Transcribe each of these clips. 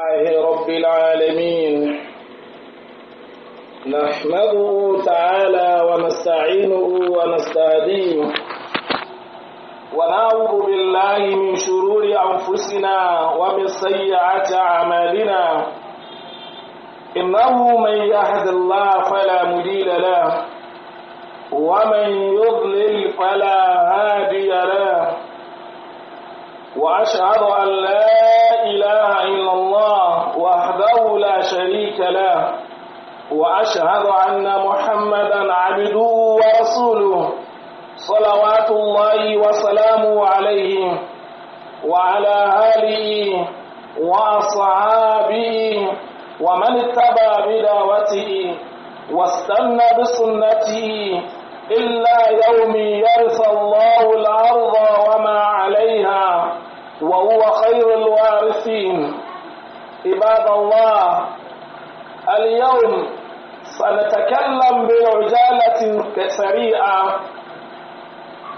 لله رب العالمين نحمده تعالى ونستعينه ونستهديه ونعوذ بالله من شرور أنفسنا ومن سيئات أعمالنا إنه من يهد الله فلا مضل له ومن يضلل فلا هادي له وأشهد أن لا إله إلا الله وحده لا شريك له وأشهد أن محمدا عبده ورسوله صلوات الله وسلامه عليه وعلى آله وأصحابه ومن اتبع بدعوته واستنى بسنته إلا يوم يرث الله الأرض وما عليها وهو خير الوارثين عباد الله اليوم سنتكلم بعجالة سريعة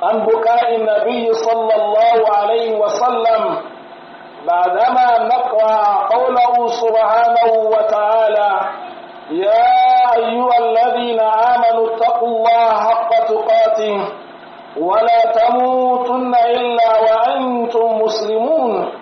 عن بكاء النبي صلى الله عليه وسلم بعدما نقرأ قوله سبحانه وتعالى يا أيها الذين آمنوا اتقوا الله حق تقاته ولا تموتن إلا وأنتم مسلمون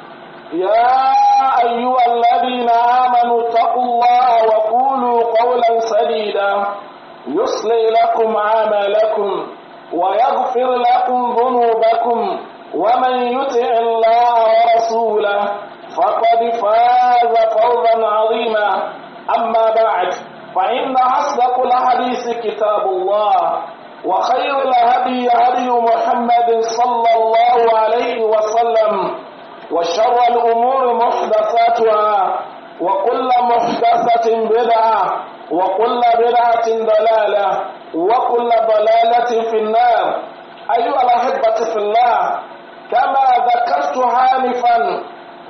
يا أيها الذين آمنوا اتقوا الله وقولوا قولا سديدا يصلي لكم عملكم ويغفر لكم ذنوبكم ومن يطع الله ورسوله فقد فاز فوزا عظيما أما بعد فإن أصدق الحديث كتاب الله وخير الهدي هدي محمد صلى الله عليه وسلم وشر الأمور محدثاتها وكل محدثة بدعة وكل بدعة ضلالة وكل ضلالة في النار أيها الأحبة في الله كما ذكرت حالفا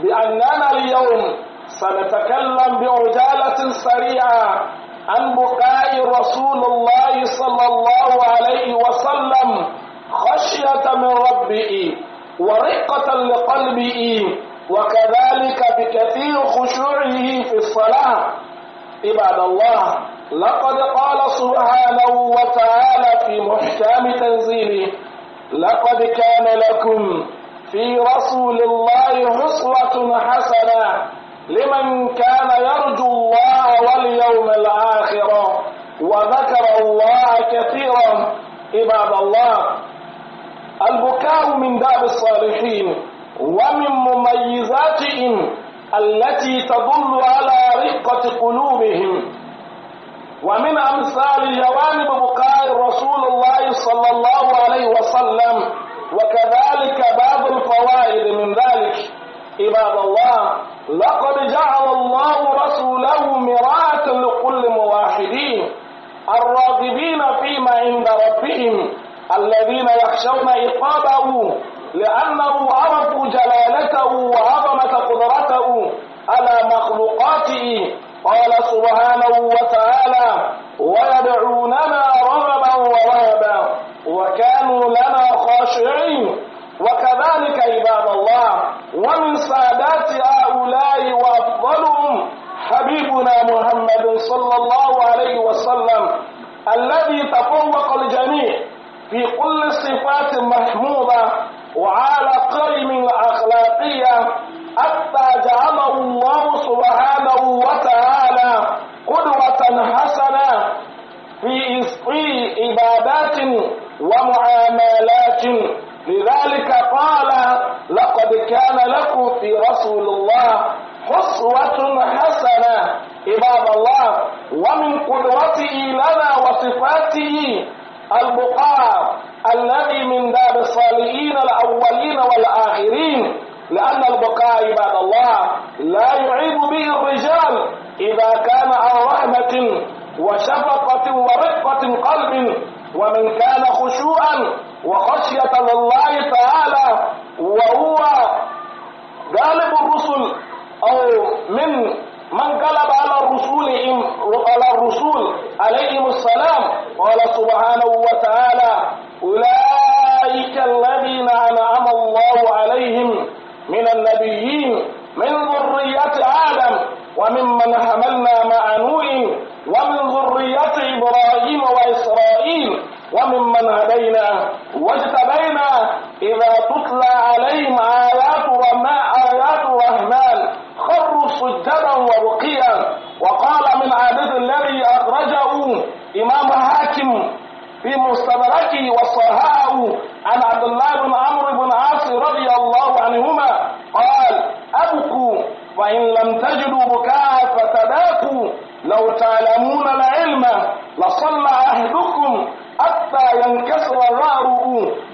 بأننا اليوم سنتكلم بعجالة سريعة عن بكاء رسول الله صلى الله عليه وسلم خشية من ربه ورقة لقلبه وكذلك بكثير خشوعه في الصلاة عباد الله لقد قال سبحانه وتعالى في محكم تنزيله لقد كان لكم في رسول الله حسوة حسنة لمن كان يرجو الله واليوم الآخر وذكر الله كثيرا عباد الله البكاء من داب الصالحين ومن مميزاتهم التي تدل على رقة قلوبهم ومن أمثال جوانب بكاء رسول الله صلى الله عليه وسلم وكذلك بعض الفوائد من ذلك عباد الله لقد جعل الله رسوله مراة لكل مواحدين الراغبين فيما عند ربهم الذين يخشون عقابه لأنه عرفوا جلالته وعظمة قدرته على مخلوقاته قال سبحانه وتعالى ويدعوننا رغبا ورهبا وكانوا لنا خاشعين وكذلك عباد الله ومن سادات هؤلاء وأفضلهم حبيبنا محمد صلى الله عليه وسلم الذي تفوق الجميع في كل صفات المحمودة وعلى قيم الأخلاقية حتى جعله الله سبحانه وتعالى قدوة حسنة في عبادات ومعاملات لذلك قال لقد كان لكم في رسول الله حصوة حسنة عباد الله ومن قدرته لنا وصفاته المقام الذي من دار الصالحين الأولين والآخرين لأن البقاء عباد الله لا يعيب به الرجال إذا كان عن رحمة وشفقة ورقة قلب ومن كان خشوعا وخشية لله تعالى وهو غالب الرسل أو من من غلب على الرسول على الرسول عليهم السلام قال سبحانه وتعالى أولئك الذين أنعم الله عليهم من النبي تعلمون العلم لصلى أهلكم حتى ينكسر ظهره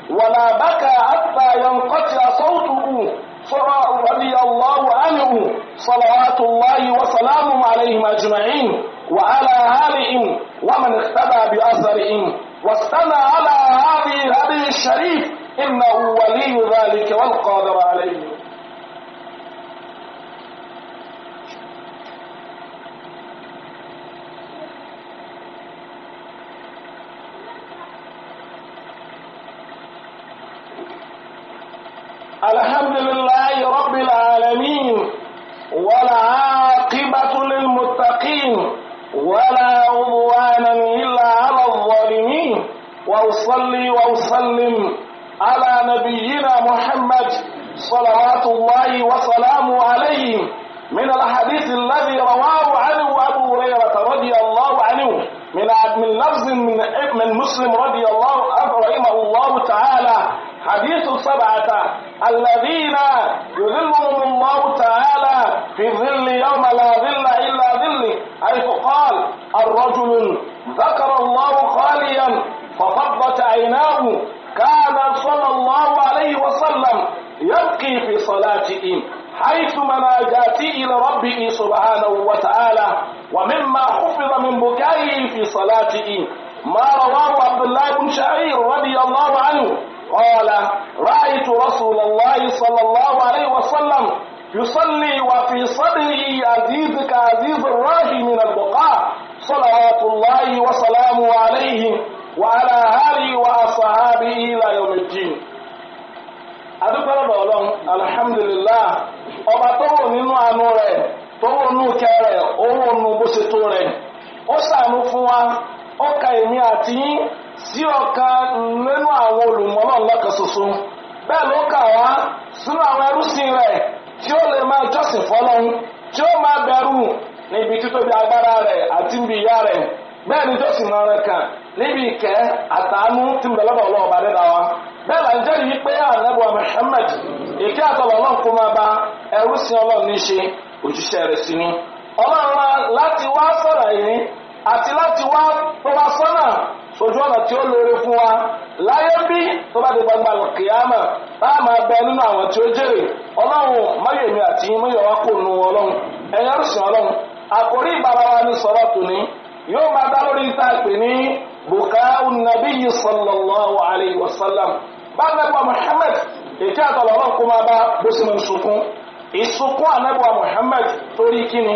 ولا بكى حتى ينقطع صوته فراء رضي الله عنه صلوات الله وسلامه عليهم أجمعين وعلى آلهم ومن اختبى بأثرهم واستنى على هذه هذه الشريف إنه ولي ذلك والقادر عليه الحمد لله رب العالمين والعاقبة للمتقين ولا عدوانا إلا على الظالمين وأصلي وأسلم على نبينا محمد صلوات الله وسلامه عليه من الحديث الذي رواه عنه أبو هريرة رضي الله عنه من من لفظ من من مسلم رضي الله عنه رحمه الله تعالى حديث السبعة الذين يظلهم الله تعالى في ظل يوم لا ظل إلا ظله حيث قال الرجل ذكر الله خاليا ففضت عيناه كان صلى الله عليه وسلم يبكي في صلاته حيث مناجاته إلى ربه سبحانه وتعالى ومما حفظ من بكائه في صلاته ما رواه عبد الله بن شعير رضي الله عنه قال رأيت رسول الله صلى الله عليه وسلم يصلي وفي صدره عزيز كعزيز الراج من البقاء صلوات الله وسلامه عليه وعلى آله وأصحابه إلى يوم الدين adúpẹ́ lọ́dọ̀ ọlọ́run alhamdulillah ọba tó wò nínú àánú rẹ̀ tó wò nínú kẹ́ rẹ̀ ó wò nínú bó ṣe tó rẹ̀ ó ṣàánú fún wa ó ka èmi àti yín sí ọ̀kan nínú àwọn olùmọ́nà lọ́kan ṣoṣo bẹ́ẹ̀ ló kà wá sínú àwọn ẹrúsìn rẹ̀ tí ó lè máa jọ́sìn fọ́lọ́hún tí ó máa bẹ̀rù níbi bí agbára rẹ̀ àti níbi ìyá rẹ̀ bẹ́ẹ̀ ni jọ́sìn máa rẹ̀ kàn níbi ìkẹ́ àtàánú tí mo lọ́dọ̀ wa bẹ́ẹ̀ là ń jẹ́rìí pé ànábì wa ìkẹ́ ojú ọ̀nà tí ó lóore fún wa láyé bí tó bá di gbangba kìámà bá a máa bẹ nínú àwọn tí ó jèrè ọlọ́run mọ́yèmí àti mọ́yèwá kò nu ọlọ́run ẹ̀yẹ́ rìsìn ọlọ́run àkórí ìbára wa ní sọ̀rọ̀ tòní yóò máa dá lórí tá a pè ní bukau nabiyyi sallallahu alayhi wa sallam bá a nàgbà Muhammad ètí àtọ̀lọ́ ọlọ́run kó máa bá bó sì máa sunkún ìsunkún ànàgbà Muhammad torí kíni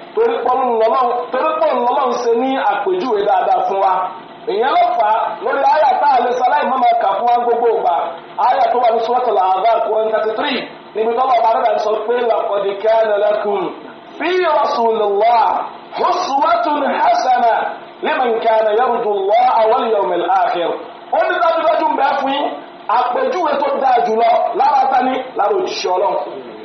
torí pọ́n lọ́lọ́ ń ṣe ní àpèjúwe dáadáa fún wa ìyẹn ló fà á lórí àyà tá a lè sáláì mọ́ máa kà fún wa gbogbo ìgbà àyà tó wà ní suratul Ahzab Quran thirty three níbi tọ́lọ̀ bá rẹ̀ sọ pé laqad kana lakum fi rasulillah uswatun hasana liman kana yarju Allah wal yawmil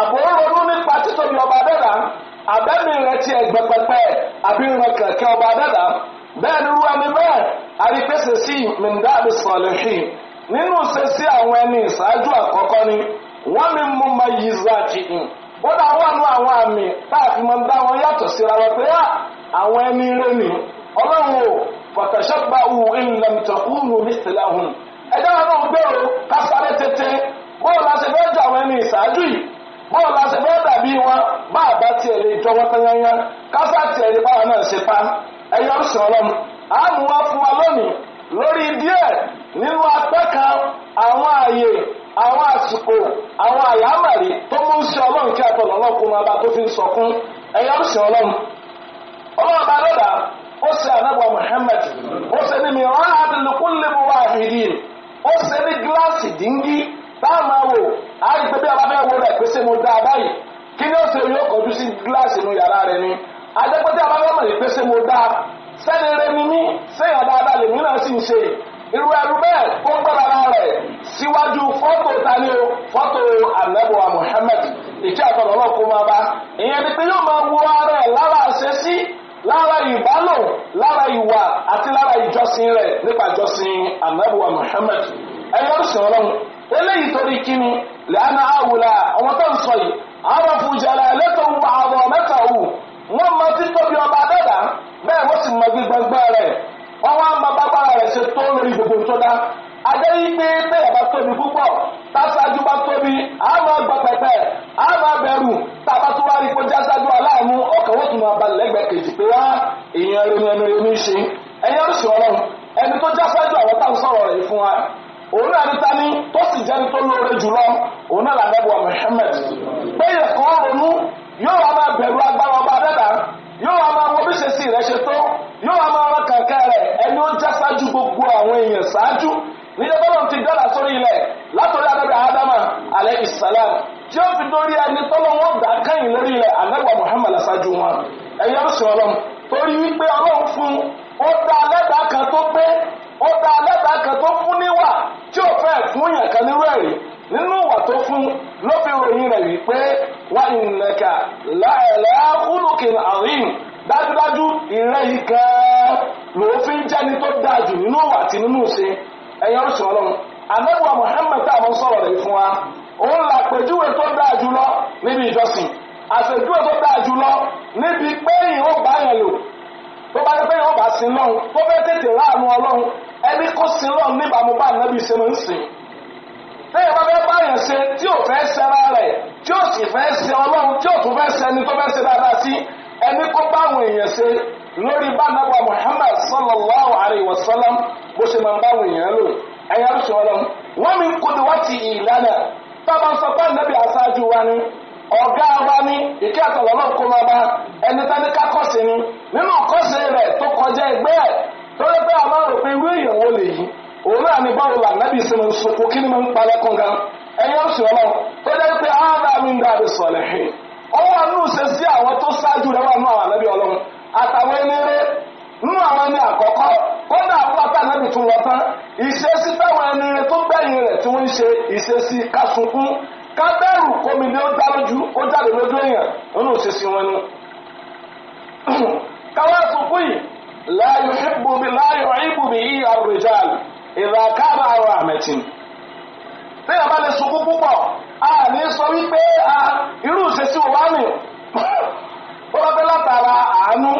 àbúrò ronú nípa títóbi ọba dẹ́dà àbẹ́mi rẹ̀ ti ẹ̀gbẹ́ pẹpẹ àbí rẹ̀ kẹ̀kẹ́ ọba dẹ́dà bẹ́ẹ̀ ni wọ́n ní bẹ́ẹ̀ àríkèsè sí mìndáàbí sọ̀lẹ́hìn nínú ìṣesí àwọn ẹni ìṣáájú àkọ́kọ́ ni wọ́n ní mú ma yí zaki hàn bọ́dà wà nú àwọn àmì táàfin máa ń dá wọn yàtọ̀ síra wọn pé ah, àwọn ẹni rẹ̀ ni ọlọ́run ò fọ̀tẹ̀ṣọ́gbà wù ìlànàmìtàkùnù mísìláhùn ẹ̀dá wọn náà gbèrò kásáré tètè bọ́ọ̀lù àṣẹfẹ́jọ àwọn bọ́ọ̀lù láti fẹ́ wọn bá àbá tiẹ̀ lè jọ wọ́n tányányá kásá tiẹ̀ lè báwa ṣe pa ẹ̀yọ́ sọ̀rọ̀ a wa fún wa lori nínú apẹ́ kan àwọn ààyè àwọn àsìkò àwọn àlámàrí tó mú sí kí kún tó fi ń sọkún ó ó ní wa àhìrì ó ní gíláàsì táwọn máa wò á sí gíláàsì inú yàrá rẹ ni adẹ́pẹ́tẹ́ abáfẹ́mọ̀ yìí mo dáa sẹ́ni rẹ ni mí lèmi náà sì ń ṣe irú ẹrú bẹ́ẹ̀ kó gbọ́dọ̀ rẹ̀ síwájú fọ́tò tani o fọ́tò anabuwa Muhammad ìkẹ́ àtọ̀nà náà kó máa bá ìyẹn ni pé yóò máa wo ara ẹ̀ lára ṣe sí lára ìbálò lára ìwà àti lára ìjọsìn rẹ̀ nípa ìjọsìn anabuwa Muhammad ẹ̀yọ́ sọ̀rọ̀ eléyìí torí kíni lẹ́yìn àwòrán àwọn tó ń sọ yìí arafu jalalatahu wa azamatahu wọ́n mọ títóbi ọba dẹ́dà bẹ́ẹ̀ wọ́n sì mọ gbígbẹ́gbẹ́ rẹ̀ wọ́n wá mọ bábára rẹ̀ ṣe tó lórí gbogbo tó dá adé yìí pé bẹ́ẹ̀ bá tóbi púpọ̀ tásájú bá tóbi àmọ́ gbọ̀pẹ̀pẹ̀ àmọ́ bẹ̀rù tàbá tó wá rí kó jásájú aláàánú ọkàn wọ́n tún máa balẹ̀ lẹ́gbẹ̀ẹ́ kejì pé wá èèyàn ronú ẹnu ronú ṣe ẹ̀yìn ọ̀sùn ọlọ́run ẹni tó jásájú àwọn táwọn sọ̀rọ̀ rẹ̀ fún wa òun náà ní tó sì jẹ́ni tó lóore jùlọ òun náà làbẹ́bọ̀ Muhammad rẹ̀ ṣáájú níjẹ́ tọ́lọ́n ti dára sórí ilẹ̀ látọ̀rí anábì ádámà alẹ́ ìsàlám tí ó fi dórí ẹni tọ́lọ́n wọn dà kẹ́yìn lórí ilẹ̀ anábì muhammad ṣáájú wọn ẹ̀yọ́ sì ọlọ́m torí wípé ọlọ́run fún ó dá alẹ́dàá kan tó pé ó dá alẹ́dàá kan tó fún níwà tí ò fẹ́ fún yàn kan nírú ẹ̀rí nínú ìwà tó fún ló fi ròyìn rẹ̀ wípé wà ìnàkà láẹ̀lẹ́ lòun fi ń jẹ́ni tó dáa jù nínú wà àti nínú ṣe ẹ̀yin ọ̀ṣun ọlọ́run anáwó Muhammad tá a mọ̀ sọ̀rọ̀ rẹ̀ fún wa òun là pèjúwe tó dáa jù lọ níbi ìjọsìn àpèjúwe tó dáa jù lọ níbi pẹ́yìn ó bá yẹn lò tó bá yẹ pẹ́yìn ó bá sin lọ́hùn tó fẹ́ tètè láàánú ọlọ́run ẹni kó sin lọ́hùn níbàámu bá ànábì ṣe máa ń sìn ẹ̀yẹ̀ bá fẹ́ báyàn ṣe tí ò fẹ́ sẹ́ra rẹ̀ tí ò sì fẹ́ ṣe ọlọ́run tí ò tún fẹ́ ṣe ẹni tó fẹ́ ṣe dáadáa sí ẹni kó báwọn èèyàn ṣe lórí bánabà Muhammad sallallahu alayhi wa sallam bó ṣe máa ń èèyàn lò ẹ̀yà ń wọ́n mi kó ni ti ìlànà bàbá sọ pé aṣáájú wa ni ọ̀gá wa ni ìkẹ́ àtọ̀wọ́ kó máa òun náà báwo là nábì sí máa kí ni máa ń palẹ́kùn gan ẹ̀yẹ́ oṣù ọlọ́run ó jẹ́ pé áádá mi ń dáadé sọ̀lẹ̀ hìn ó wà ṣe sí àwọn tó ṣáájú rẹ̀ wà nù àwọn ànábì ọlọ́run àtàwọn eléré nù àwọn ẹni àkọ́kọ́ ó ní àbúrò àti ànábì tó tán ìṣesí táwọn ẹni tó gbẹ̀yìn rẹ̀ tí wọ́n ń ṣe ìṣesí ni ó dá ìràkàbà àwọn àmẹ̀tìn tí a bá lè sunkún púpọ̀ a ní sọ wípé a irú ìṣesí wà ní pọ́lọ́pẹ́ látara àánú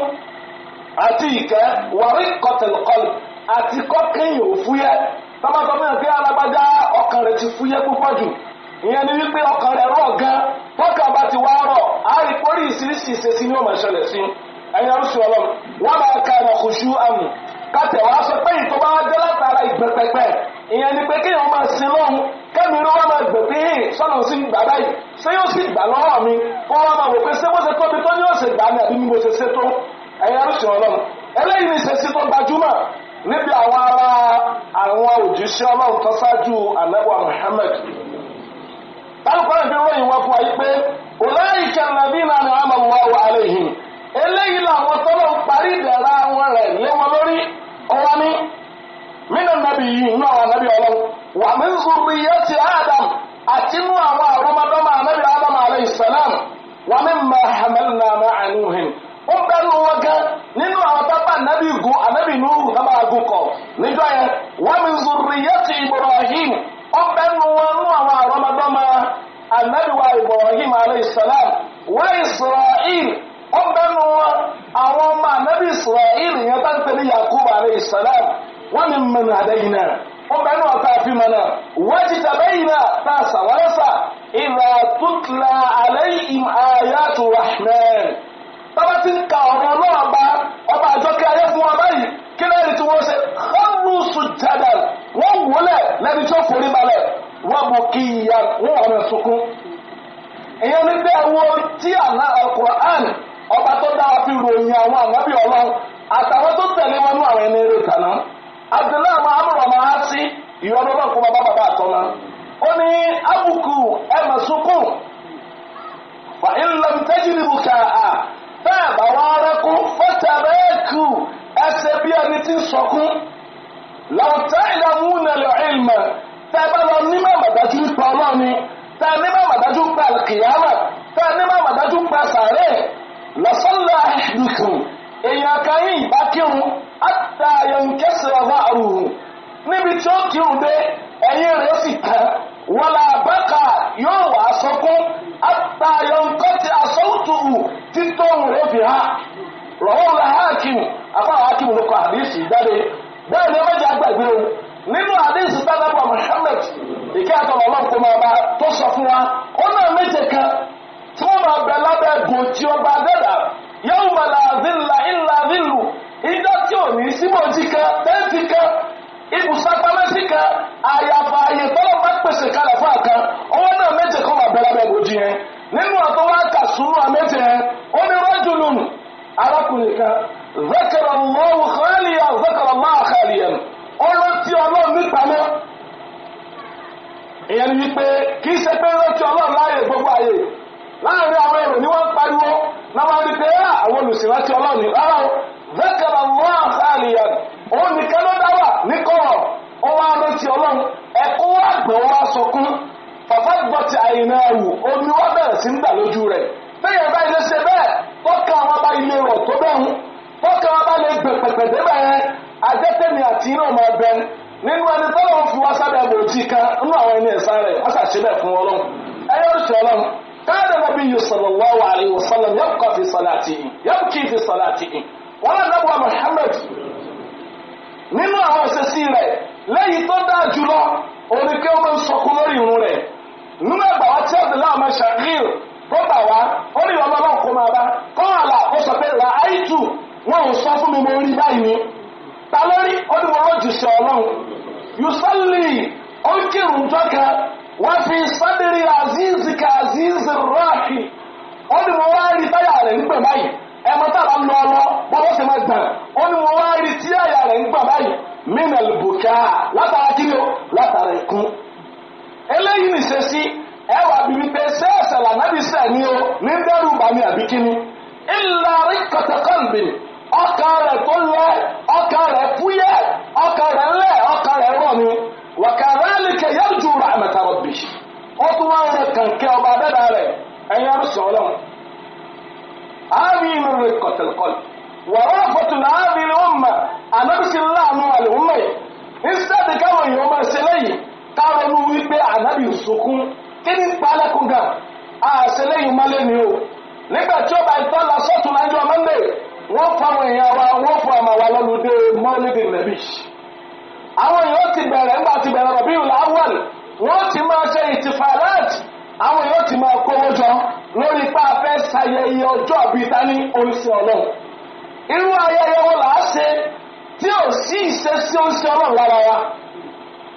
àti ìkẹ́ wàrí kọtẹ̀lùkọlù àti kọ́kẹ́yìn òfúyẹ́ tọ́mọ́tọ́ náà alágbájá ọkàn rẹ̀ ti fuye púpọ̀ jù ìyẹn ni wípé ọkàn rẹ̀ rọ̀ gan tọ́kàn bá ti wá rọ̀ a pórí ìṣiríṣi ìṣesí ní ọmọ ìṣẹ̀lẹ̀ sí ẹ̀yin arúṣu ọlọ́run wọ́n kátẹ̀ wá sọ pé ìtọ́ bá látara ìgbẹ̀pẹ̀pẹ̀ ìyẹn ni pé kéèyàn máa sin lọ́hùn kẹ́mi ló wá máa gbè pé hìn sọ́nà sí ìgbà báyìí ṣé yóò sì gbà lọ́wọ́ mi wọ́n wá máa wò pé ṣé bó ṣe tóbi tó ní gbà ní àbí ṣe ṣe tó ẹ̀yà ọlọ́run eléyìí ni ṣèṣì tó gbajúmọ̀ níbi àwọn ará àwọn òjíṣẹ́ ọlọ́run tó ṣáájú àlẹ́wà Muhammad tálùkọ́rọ̀ fi ròyìn wọn fún wa yìí pé ọ̀làyìíkẹ́ nàbí náà ọwọ́ ní mínú nàbí yìí nínú àwọn nàbí ọlọ́run wà mí zùrù yẹ ti adam àti nínú àwọn àrọ́mọdọ́mọ nàbí adam alayhi salam wà mí mà hàmẹ́lì nà má àníhìn ó bẹ́ẹ̀ ní wọ́n gan nínú àwọn tábà nàbí gùn ànábì nù nàbà gùn kọ̀ níbi علينا ẹni tí ń sọkún làwùtá ìdààmú nàlẹ́ ìlmọ̀ tẹ́ ẹ bá lọ nímọ̀ àmàdájú ń pa ọlọ́ọ̀ni tẹ́ ẹ nímọ̀ àmàdájú ń pa àlùkìyàmà tẹ́ ẹ nímọ̀ àmàdájú ń pa sàárẹ̀ lọ́sọ́lá ìdùkù èèyàn kan yìí bá kírun àtà ayọ̀nkẹ́sì ọba àrùn níbi tí ó kírun dé ẹ̀yìn rẹ̀ sì tán wọlé àbákà yóò wà á sọkún àtà ayọ̀nkẹ́sì àsọ̀tù títọ́ òun rẹ̀ fi hàn. rọ̀wọ́n la hákìmù apá hákìmù ló kọ àdìsí jáde bẹ́ẹ̀ ni ọjà gbàgbé o nínú àdìsí tábàbà Muhammad ìkẹ́ máa bá tó sọ fún wa ó náà méje kan tí wọ́n máa bẹ lábẹ́ ọba dẹ́dà yóò mọ̀ ńlá ìjọ tí ò ní kan tẹ́ǹtì kan kan àyàfà bá pèsè kalẹ̀ fún ọwọ́ náà méje kan máa lábẹ́ yẹn nínú àkàsùn yẹn ó ní arákùnrin kan zakara Allahu khaliyan zakara Allahu khaliyan ó rántí ọlọ́run níta mọ́ ìyẹn ni pé kì í ṣe pé rántí ọlọ́run láàyè gbogbo àyè láàrin àwọn èrò ni wọ́n ń pariwo náà wọ́n rí pé ah, àwọn olùsìnrántí ọlọ́run ní rárá o zakara Allahu khaliyan òun nìkan ló dá wà ní kọ̀rọ̀ ó wá rántí ọlọ́run ẹ̀kọ́ wá gbọ̀n wá sọkún fàfà gbọ́tì àyìnà ẹ̀wù omi wá bẹ̀rẹ̀ sí ń dà lójú rẹ̀ bẹ́ẹ̀ fọ́kà wọn bá ilé rọ̀ tó bẹ́hùn fọ́kà wọn bá lè gbè pẹ̀pẹ̀ débẹ̀ yẹn ajẹ́tẹ̀mí àti iná ọmọ ẹgbẹ́ nínú ẹni tó lọ́wọ́ fi wá sábẹ́ àbòjì kan nínú àwọn ẹni ẹ̀sán rẹ̀ wọ́n ṣàṣẹ bẹ́ẹ̀ fún ọlọ́run ẹyẹ oṣù ọlọ́run káàdì nàbí yìí sallallahu alaihi wasallam yabqa fi salatihi yabki fi salatihi wọn àdàbọ̀ Muhammad nínú àwọn ìṣesí rẹ̀ lẹ́yìn tó dáa jùlọ òun ni kí ó sọkún lórí ìrun rẹ̀ nínú ẹgbàá wa tí kó bà wá ó ní ìwà bàbá kó máa bá kọ́ àlà ó sọ pé ra àìtù wọn ò sọ fún mi mo rí báyìí ni ta lórí ó ní wọ́n jù sí ọlọ́run yusalli ó ń kírun jọ́ka wọ́n fi sádìrí azizi ka azizi ráàkì ó ní mo wá rí táyà rẹ̀ ń báyìí ẹmọ tá a lọ lọ bọ́bọ́ sì máa gbọ̀n ó ní mo wá rí tí àyà rẹ̀ ń gbà báyìí mínà lùbùkà látara kí ni ó látara ìkún eléyìí nìṣesí ẹ wà bí wípé ṣé ẹ̀ṣẹ̀ lànàbí sẹ̀ ni o ní dẹ́rù bá mi àbí kíni ìlà rí kọ̀tọ̀kọ̀ǹbì ọkà rẹ̀ tó lẹ ọkà rẹ̀ fúyẹ́ ọkà rẹ̀ lẹ̀ ọkà rẹ̀ rọ̀ ni wàkàrẹ́lìkẹ̀ yẹ́n ju rahmata rabbi ó tún wá ń kànkẹ́ ọba dẹ́dà rẹ̀ ẹ̀yẹ́ rúṣọ̀ ọlọ́run àmì ìrìnrìn kọ̀tọ̀kọ̀ǹbì wàrọ́fọ̀tún láàrin ilé ọmọ ànábìsí láàánú àlèhùnmẹ̀ kí ni palẹ̀kùn gan àṣẹlẹ́yìn mọ́lẹ̀ ni o nígbà tí ó bá ìtọ́ lọ sọ́tún lájọ́ mọ́lẹ̀ wọ́n fọmọ èèyàn wa wọ́n fọ ọmọ wa lọ́lùdé mọ́lẹ́dì nàbí. àwọn èèyàn ti bẹ̀rẹ̀ ńgbà ti bẹ̀rẹ̀ rọ̀bí làwọn wọ́n ti máa ṣe ìtìfàlẹ́t àwọn èèyàn ti máa kówó jọ lórí pa afẹ́ ṣayẹyẹ ọjọ́ àbí ìtaní oríṣi ọlọ́run. irú ayẹyẹ wo làá ṣe tí ò sí ìṣesí oríṣi ọlọ́run lára wa.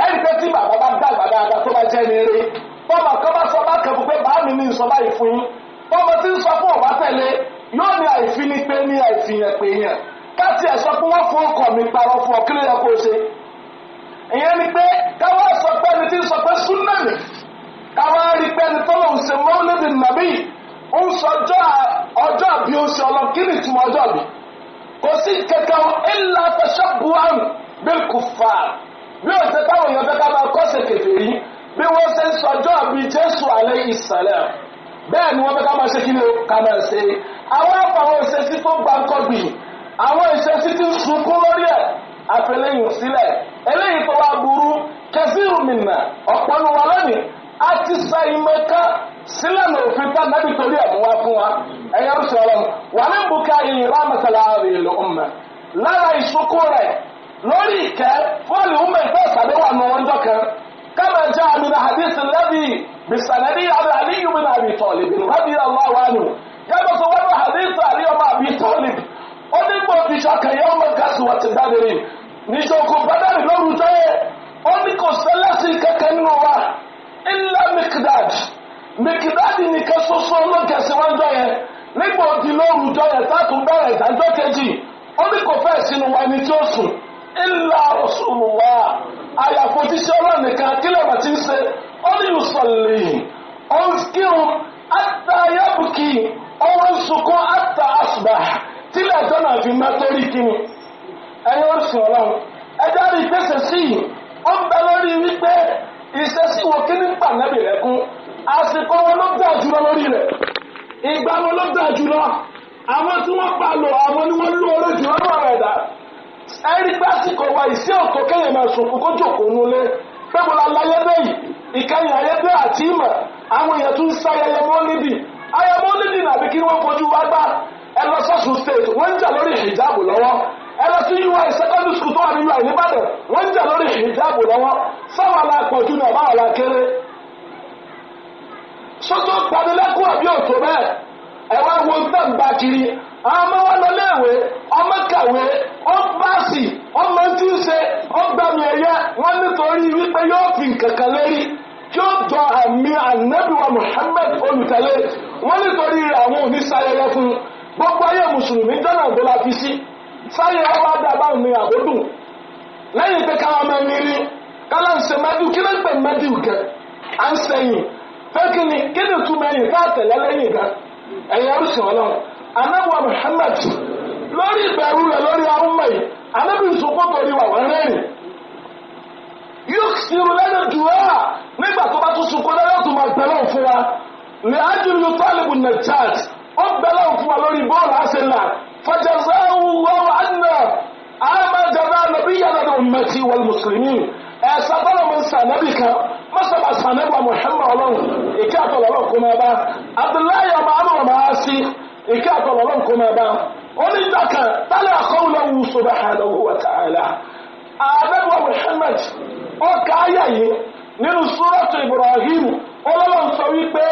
ẹ̀rí pé tí bàbá bá dàgbà dáadáa tó bá jẹ́ ní eré bọ́mọ kan bá sọ bá kẹ́kọ̀ọ́ pé bàá mi ní sọ báyìí fún yín bọ́mọ tí ń sọ fún ọ̀bá tẹ̀lé yóò ní àìfinipe ní àìfihàn pé yàn káti ẹ̀ sọ pé wọ́n fún ọkọ̀ mi parọ́ fún ọ kí ló yẹ kó ṣe ìyẹn ni pé káwá sọ pé ẹni tí ń sọ pé súnmẹ́mì káwá rí pé ẹni tó lòun ṣe mọ́lẹ́dì nàbí ń sọ ọjọ́ àbí oṣù ọlọ́run kí ni ìtumọ̀ ọjọ́ àbí kò sí kẹkẹ́ wọn illa tashabbuhan bil kuffar bí ó ṣe táwọn èèyàn fẹ́ ká máa kọ́sẹ̀ kèfèrí bí wọ́n ṣe ń sọjọ́ àbí Jésù alayhi salam bẹ́ẹ̀ ni wọ́n fẹ́ ká máa ṣe kí ni ká máa ṣe àwọn àfàwọn ìṣesí tó gbàǹkọ́gbì àwọn ìṣesí tí ń sunkún lórí ẹ̀ àfẹlẹ́yìn sílẹ̀ eléyìí tó wá burú kẹsíù mìnà ọ̀pọ̀ ní wa lónìí a ti sa ìmọ̀ká sílẹ̀ ní òfin tá nàbí torí ẹ̀mú wá fún wa ẹ̀yẹ́ rúṣọ̀rọ̀ wà lórí ìkẹ́ fọ́ọ̀lù ń bẹ̀ ìfẹ́ ìsàlẹ̀wà ní ọjọ́ kan kama jẹ́ àmìnà hadith lẹ́bi bisanadi alali yumin abi tọ́lib rabi allah wa nù gẹ́gẹ́ sọ wọ́n hadith ali ọmọ abi tọ́lib ó ní gbọ́ fi ṣọkàn yẹn ọmọ gáàsì wọ́n ti dábìrì níṣòkò bàdàrí lóru jẹ́ ó ní kò sẹ́lẹ̀sì kankan nínú wa illa mikdad mikdad nìkan ṣoṣo ló gẹ̀ẹ́sì wọn jọ yẹn nígbà òdi lóru jọ yẹn tá bẹ̀rẹ̀ ìdájọ́ kejì ó ní kò fẹ́ sínú wa ẹni tí ó sùn ilà rasulùwà àyàfo jíṣẹ́ ọlọ́run nìkan kílẹ̀ wà tí ń ṣe ó ní ìsọ̀lì ó ń kírun àtà yẹ́bùkì ọwọ́ ń sunkún àtà àṣùbà tílẹ̀ ẹjọ́ náà fi mẹ́ torí kíni ẹ̀yọ́ ń sìn ọlọ́run ẹjọ́ rí ìgbésẹ̀ sí i ó ń bẹ lórí wípé ìṣesí wo kí ní pa nẹ́bì rẹ̀ kún àsìkò wọn ló dáa jùlọ lórí rẹ̀ ìgbà wọn ló dáa jùlọ àwọn tí wọ́n pa lò àwọn ni wọ́n lò ó lójú ọlọ́run ẹ̀dá ẹ̀rí pásítọ̀ wa ìsí ọ̀tọ̀ kẹ́yìn máa sọ̀kún kó jòkóó nulẹ̀ pẹ́bùlà láyẹ́dẹ́ yìí ìkẹyìn ayẹ́dẹ́ àti ìmọ̀ àwọn èèyàn tún sá ayẹyẹ mọ́lídì ayẹyẹ mọ́lídì nàbí kí wọ́n fojú wá gbá ẹ lọ sọ́sùn state wọ́n ń jà lórí hijab lọ́wọ́ ẹ lọ sí ui secondary school tó wà ní ui nìbàdàn wọ́n ń jà lórí hijab lọ́wọ́ sáwọn alápọ̀jù náà báwọn alákéré sọ́tọ́ panilẹ́kùn àbí òtò bẹ́ẹ̀ ẹ kàwé ó báàsì ó máa ti ń ṣe ó gbàmì ẹ̀yẹ wọ́n nítorí wípé yóò fi nǹkan kan lérí tí ó jọ àmì ànábìwá Muhammad olùtẹ̀lé wọ́n nítorí àwọn òní sáyẹyẹ fún gbogbo ayé mùsùlùmí jọ́nà tó la fi sí sáyẹyẹ ọba dábàá ní àbódùn lẹ́yìn pé káwọn máa ń rí kálá ń ṣe mẹ́díù kí ló ń pè mẹ́díù gan à ń sẹ́yìn pé kí ni kí ni túmọ̀ ẹ̀yìn káàtẹ̀lẹ́ lẹ́yìn gan ẹ̀yìn arúsùn ọlọ́run anábọ̀ Muhammad lórí ìbẹ̀rù rẹ̀ lórí arúmọ̀ yìí anábì ìsopọ̀ torí wà wọ́n rẹ́rìn yóò ṣirò lẹ́nu jù wá nígbà tó bá tún sunkún lẹ́yìn tó máa gbẹ̀lọ́ fún wa ní ájúlù tálíbù nàìjíríà ó gbẹ̀lọ́ fún wa lórí bọ́ọ̀lù àṣẹlá fàjẹsẹ́ wọ́n àná àmàjẹ̀dá nàbí yàrá ummati wal muslimin ẹ̀sán tọ́lọ̀ mọ́ sànẹ́bì kan mọ́sàbà sànẹ́bì wa Muhammad ọlọ́run ìkẹ́ àtọ̀lọ́lọ́ kọ́mọ́ ẹ̀bá Abdullahi ọmọ amọ̀ ọmọ onígbà kan tana àkọ́wùlẹ̀ wù subhanahu wa ta'ala àbẹ́wò Muhammad ó ká o yìí nínú Ibrahim olamon sọ pe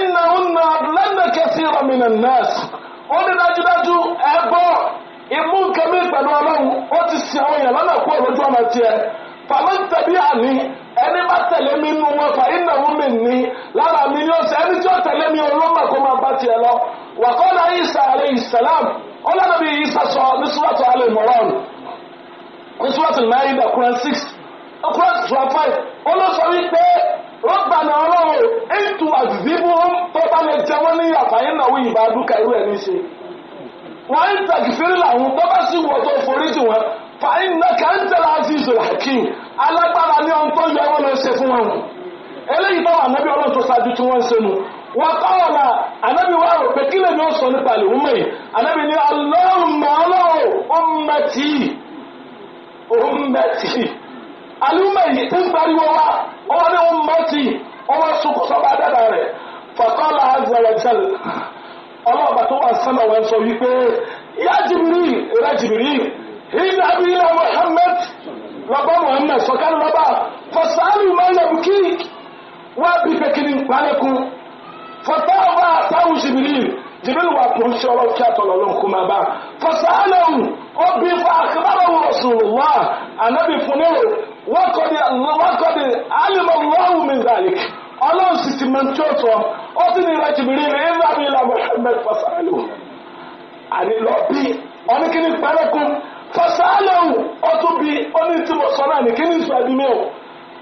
ina ọ̀nà lẹ́nà kẹsí rọmìnà nọ́ọ̀sì ó ní dájúdájú ẹbọ ìmú nkẹmí pẹ̀lú ọlọ́run ó ti si awon èèyàn lana kú òrojú ọ̀nà tiẹ̀ fàmí tẹ̀bí àní ẹni bá tẹ̀lé mi nú wọn fa iná mú mi ní lára mi ẹni tí mi kó ọlọ́nàbí isa sọ ní súrọ̀tù alẹ́ ìmọ̀ràn ní súrọ̀tù ìmáyídà kúrán six kúrán uh, twenty five ọlọ́sọ wípé rọ́bà náà ọlọ́run ètò àzìbò tó bá lè jẹ wọ́n ní àfààní náà wí ìbá dúkà irú ẹ̀ ní ṣe wọ́n ń tàgìfẹ́rẹ́ làwọn tó bá sì wọ̀ tó foríjì wọn fàáyín náà kà ń tẹ̀lé azizul hakim alágbára ní ohun tó yẹ wọ́n lè ṣe fún wọn eléyìí báwọn ànábì ọlọ́run tó ṣáájú tí wọ́n ń ṣe nù wọ́n kọ́ọ̀lá anábì wà rò pé kí lè ní ó sọ nípa àlùmọ́ yìí anábì ní Allahumma ummati ummati àlùmọ́ yìí tí ń pariwo wá ọwọ́ ní ummati ọwọ́ sunkún sọ́ba dábà rẹ̀ faqala azza wa jal ọlọ́ọ̀bà tó wà sánà wọn sọ wípé yá jìbìrì rẹ jìbìrì hìdá bí ilẹ̀ Muhammad lọ́bọ̀ Muhammad sọ̀kánì lọ́bà fọ̀sánù mọ́lẹ̀ bukí wá bí pé fọtáàbà àtàwọn jìbìlì jìbìlì wà kún sí ọlọ́ kí àtọ̀lọ́ ló ń kú máa bá fọsáàlẹ̀hùn ó bí fa àkàbàràwò rọ̀sùnwá ànábì fúnirò wákọ̀dì alìmọ̀láwù mìzàlì ọlọ́run sì ti mẹ́ntí ọ̀tọ̀ ó sì ní ìrẹ́ jìbìlì rẹ̀ ń rábí ilà Muhammad fọsáàlẹ̀hùn àní lọ bí ọ̀nìkíní pẹ́rẹ́kún fọsáàlẹ̀hùn ó tún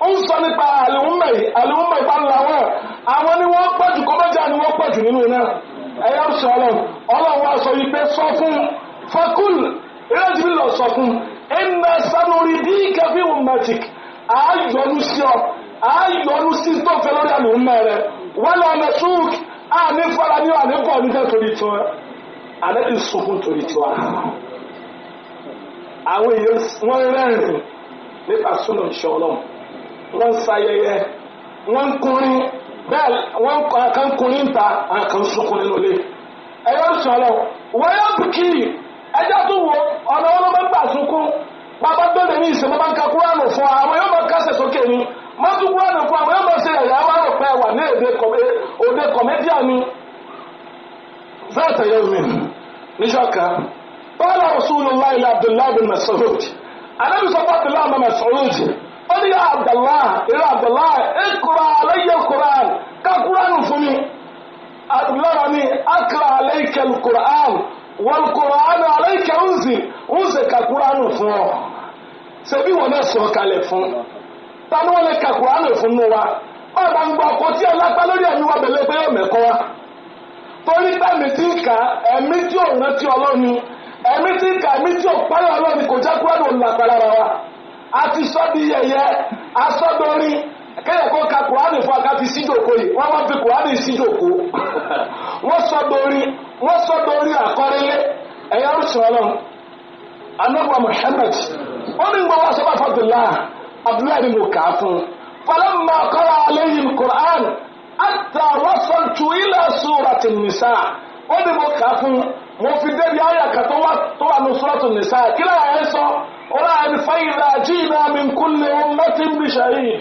ó ń sọ nípa àlùmọ̀ yìí àlùmọ̀ ìpalọ̀ àwọn àwọn ni wọ́n pọ̀jù kọ́mọ́jà ni wọ́n pọ̀jù nínú iná ẹ̀yà sọ ọlọ́run ọlọ́run wa sọ yìí pé sọ fún fakul rẹ́jìbí lọ sọ fún ẹnna sanuri bí kẹfí wùmẹtìk àáyọnu sí ọ àáyọnu sí tó fẹ́ lórí àlùmọ̀ rẹ wọ́n lọ ọ̀nà súwùk àní fọlá ní àní pọ̀ nígbà torí tiwọn àní ti sunkún torí tiwọn àwọn èèyàn wọn rẹ́rìn nípa súnà ìṣọ́ ọlọ́run wọ́n ń sayẹyẹ wọ́n ń kunrin bẹ́ẹ̀ wọ́n kàn kunrin ta àkàn sunkún nínú ilé ẹ̀yọ́ ń sọ̀rọ̀ wọ́n yóò bù kí ẹjọ́ tó wo ọ̀nà wọn bá ń gbà sunkún bàbá gbẹ̀rẹ̀ ní ìsìn bàbá ń ka kúránù fún wa àwọn yóò máa kásẹ̀ sókè ni máa tún kúránù fún àwọn yóò máa ṣe ẹ̀yà máa rò pé wà ní òde kọ̀mẹ́díà ni zata yawmin níjọ́ kan báyìí rasulullah abdullahi bin masoud anábìsọ̀ fún abdullahi bin masoud ó ní Abdallah eré Abdallah ekura aláyé Quran ká Quran fún mi Abdallah ni akra alayka Quran wal Quran alayka unzil ń sì ká Quran ọ ṣebí wọn náà sọ ta ọba ọkọ tí ọlápá lórí ẹ̀mí wa pé wa torí tí ń tí ò rántí ọlọ́ni tí ń tí ò ọlọ́ni kò jẹ́ wa. a sọ́bi yẹ̀yẹ́ asọ́dọ́rí kẹ́yẹ̀kọ́ ka kùránì fún akáfi síjòkó yìí wọ́n máa fi kùránì síjòkó wọ́n sọ́dọ́rí wọ́n sọ́dọ́rí àkọ́rẹ́lé ẹ̀yà rúṣọ̀lọ́ anagba Muhammad ó wọ́n sọ́bà fọ́dùlá abdullahi mo kà á fún kùránì àtà nìsá kà á fún mo ọlọ́run fẹ́yìnlá jíìnà min kulli ummatin bí ṣàyìn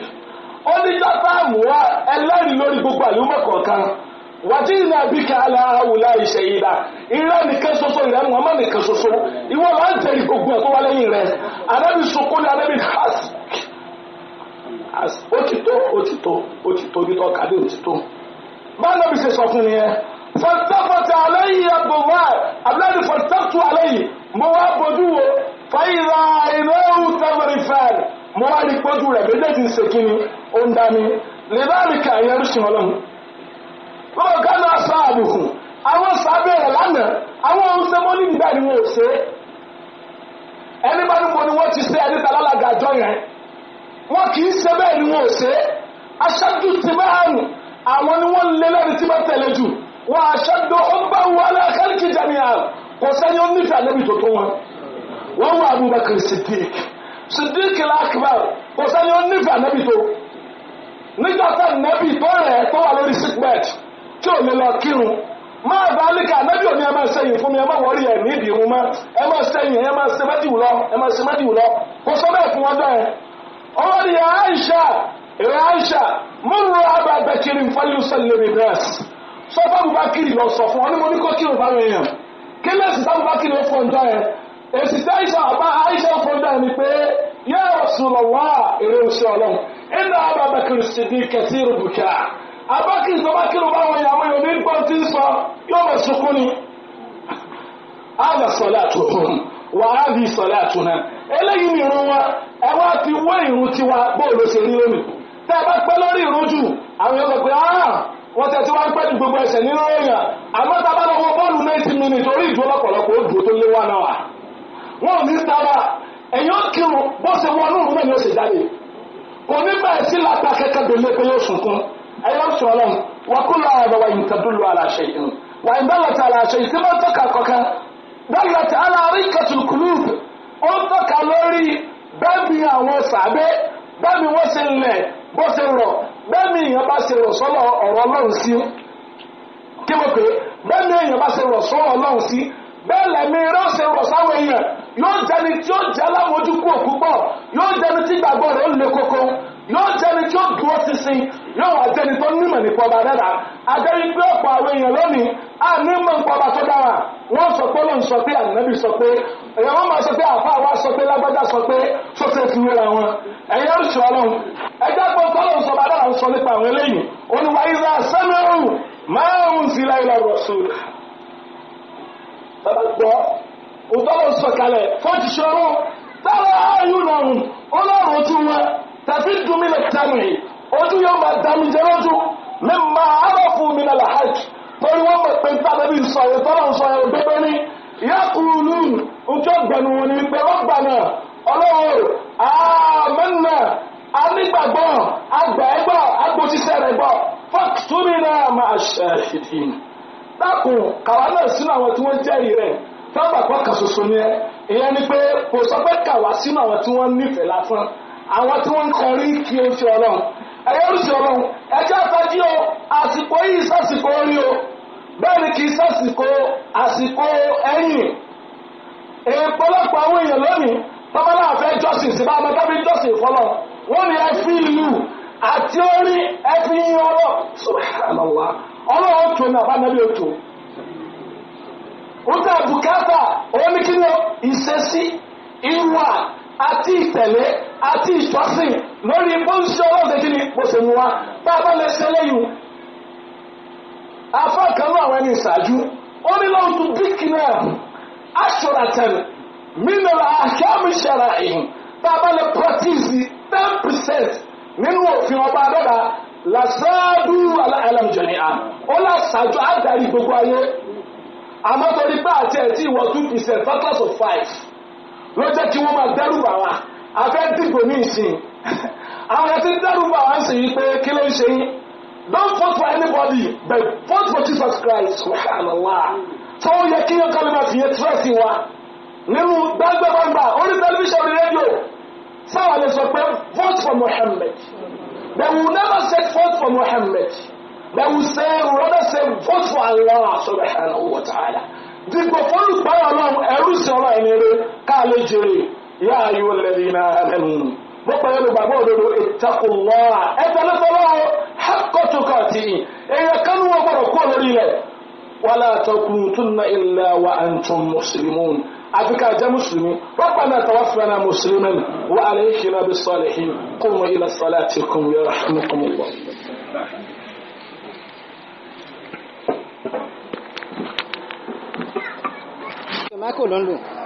ó ní dábàá àmúwá ẹlẹ́rìí lórí gbogbo àlùmọ̀ kọ̀ọ̀kan wàjí ìlà àbíkà aláhàwùlá ìrẹ́ nìkan ṣoṣo ìrẹ́ Muhammad nìkan ṣoṣo ìwọ là ń tẹ̀lé gbogbo ẹ̀ wá lẹ́yìn rẹ̀ anábì anábì has kàdé ṣe sọ fún yẹn alẹ́ yìí alẹ́ yìí mo wá wo fàyíra ìnáwó tẹ́gbẹ̀rì fẹ́ẹ̀lì mo wá rí pọ́jú rẹ̀ méjèèjì ń ṣe kí ni ó ń dá mi lèbáàríkà ìyẹn rí sùn ọlọ́run lọ́wọ́ gánà sọ àbùkù àwọn sábẹ́ rẹ̀ lánàá àwọn ohun ṣe mọ́ nígbà ni wọ́n ṣe ẹni bá níbo ni wọ́n ti ṣe ẹni tàlálaga àjọ yẹn wọ́n kì í ṣe bẹ́ẹ̀ ni wọ́n ṣe aṣáájú ti máa ń àwọn ni wọ́n lé lẹ́ni tí wọ́n tẹ̀lé jù wọ́n aṣáájú ó bá wọn alákàlìkì ni àrùn kò sẹ́ni ó nífẹ̀ẹ́ wọ́n wọ Abubakar Siddiq Siddiq lakbar kò sẹ́ni ó nífẹ̀ẹ́ ànábì tó nígbà tá ànábì tó rẹ̀ tó wà lórí sickbed tí ò lè lọ kírun máa bá alíkà ànábì òní ẹ máa sẹ́yìn fún mi ẹ máa wọrí ẹ nídìí irun mọ́ ẹ máa sẹ́yìn ẹ máa ṣe mẹ́dìwù lọ ẹ máa ṣe mẹ́dìwù lọ kò sọ bẹ́ẹ̀ fún wọn dọ́ ẹ. ọwọ́ ni Aisha rẹ̀ Aisha múlò Aba Bakirin falyusalli bin-nas sọ fún Abubakar lọ sọ fún ọ ní mo ní kó kírun bá mi yàn kí lẹ́sìn sábùbákìrì ó fọ̀ ń dọ́ ẹ èsì táìsà àbá àìsà fún dà ní pé yá Rasulullah oṣù ọlọ́run kẹsí báwọn ìyàwó yóò ní ń sọ yóò bẹ̀ sunkún ni. àgbà wà á di eléyìí ni irun wa ẹ wá ti wé irun tiwa bóòlù ṣe rí lónìí ẹ bá pẹ́ lórí irun jù àwọn yóò sọ ah, wọ́n ń gbogbo ẹ̀sẹ̀ nínú èèyàn bá wọn ò ní tara ẹ̀yìn ó kírun bó ṣe wọnú òun náà ni ó ṣe jáde kò ní bẹ̀rẹ̀ sí láta kẹ́kẹ́ bèlè pé yóò sunkún ẹ̀yọ́ sọ̀rọ̀ wakúlọ̀ ọ̀rọ̀ wa yìí tẹ̀dúlù aláṣẹ yìí wà ìdálọ̀tà aláṣẹ yìí tí wọ́n tọ́ka kọ̀ọ̀kan dálọ̀tà alárí kẹtùkùlùb ó tọ́ka lórí bẹ́ẹ̀mì àwọn sàbẹ́ bẹ́ẹ̀mì wọ́n ṣe lẹ̀ bó ṣe rọ̀ bẹ́ẹ̀mì èèyàn bá ṣe rọ̀ sọ́lọ̀ yóò jẹni tí ó jẹ alámojúkú òkúpọ̀ yóò jẹni tí gbàgbọ́ rẹ̀ ó le koko yóò jẹni tí ó dúró ṣinṣin yóò wá jẹni tó nímọ̀ nípa ọba dára adẹ́rí pé ọ̀pọ̀ àwọn èèyàn lónìí àní mọ̀ nípa ọba tó dára wọ́n sọ pé lóun sọ pé ànábì sọ pé èèyàn wọn máa sọ pé àfa wa sọ pé lágbájá sọ pé sọ́sẹ̀ fi wéra wọn ẹ̀yẹ́ ń sọ ọlọ́run ẹjẹ́ pé tọ́lọ́run sọ bàdàrà ń sọ nípa àwọn eléyìí oníwáyé rà sẹ́mẹ́rù máa ń sí láìláì rọ̀ sùn. bàbá gbọ́ òtọ́lọ̀ sọ̀kalẹ̀ fọ́jì ṣọ́rọ̀ tẹ́lẹ̀ ààyù nàrùn olóòrùn ojú wọn tàbí dùnmílẹ̀ tàmì ojú yóò máa dàmì jẹ lójú mímọ arọ́fù mi nà làhàj torí wọ́n mọ̀ pé tábẹ́bí sọ̀rọ̀ tọ́lọ̀ sọ̀rọ̀ gbẹgbẹ́ ní yàkùlù ojú ọgbẹ̀nu wọn ni pé wọ́n gbà náà ọlọ́wọ́ àmẹ́nà anígbàgbọ́ agbẹ̀ẹ́gbọ́ agbóṣiṣẹ́ rẹ̀ gbọ́ fọ́ọ̀kì tábàgbọ́ kan ṣoṣo ni ẹ ìyẹn ni pé kò sọ pé kà wá sínú àwọn tí wọ́n nífẹ̀ẹ́ lásán àwọn tí wọ́n ń kọrí kí o ṣe ọlọ́run ẹ̀yẹ́ o ṣe ọlọ́run ẹjẹ́ àtàjì o àsìkò yìí sásìkò orí o bẹ́ẹ̀ ni kì í sásìkò àsìkò ẹ̀yìn ìpọlọpọ àwọn èèyàn lónìí tọ́ba náà fẹ́ jọ́sìn sí bá ọmọ tábí jọ́sìn fọlọ́ wọ́n ní ẹ fi ìlú àti orí ẹ fi yín ọlọ́ subhanallah ọlọ́run tó ní àbánábí ètò òun tá bùkátà òun ní kí ni ìṣesí ìwà àti ìtẹ̀lé àti ìjọsìn lórí bó ń kí ni bó ṣe mú wa bá a bá lè ṣe lẹ́yìn afọ́ kan náà àwọn ẹni ìṣáájú ó ní lọ́wọ́ tó bíkì náà aṣọ̀ràtẹ̀lẹ̀ mínàlá àṣàmìṣàrà ìhìn bá lè pọ́tíìsì ten percent nínú òfin ọba àdọ́dà làṣáájú aláìlàmùjọ ni à ó làṣáájú àdárí gbogbo ayé àmọ́ torí pé àti ẹ̀tí ìwọ two percent factors of five ló jẹ́ kí wọ́n máa dẹ́rù bà wá afẹ́ dìgbò ní ìsìn àwọn ẹ̀tí dẹ́rù bà wá sì yí pé kí ló ń ṣe yín don't vote for anybody but vote for Jesus Christ subhanallah tó yẹ kí yẹn kọ́lé máa fi yẹn tírẹ́sì wa nínú gbàgbàgbà orí tẹlifíṣàn orí rédíò sáwọn lè sọ pé vote for Muhammad they will never set vote for Muhammad. They will say, rather say, vote for Allah subhanahu wa ta'ala. Dìgbò fọ́lùpáyà ọlọ́run ẹrú sí ọlọ́run ẹni eré ká lè jèrè yá ayé alladhina amanu. Mo pẹ̀lú olùgbàgbọ́ òdodo ittaqullah ẹgbẹ́ lọ́sọ̀rọ̀ haqqa tuqatihi. Èèyàn kan ní wọ́n gbọ́dọ̀ kó lórí rẹ̀. Wala tamutunna illa wa antum muslimun. Àfi ká jẹ́ Mùsùlùmí. Rabbana tawaffana musliman wa alayhina bis salihin. Qumu ila salatikum yarhamukumullah. Michael London.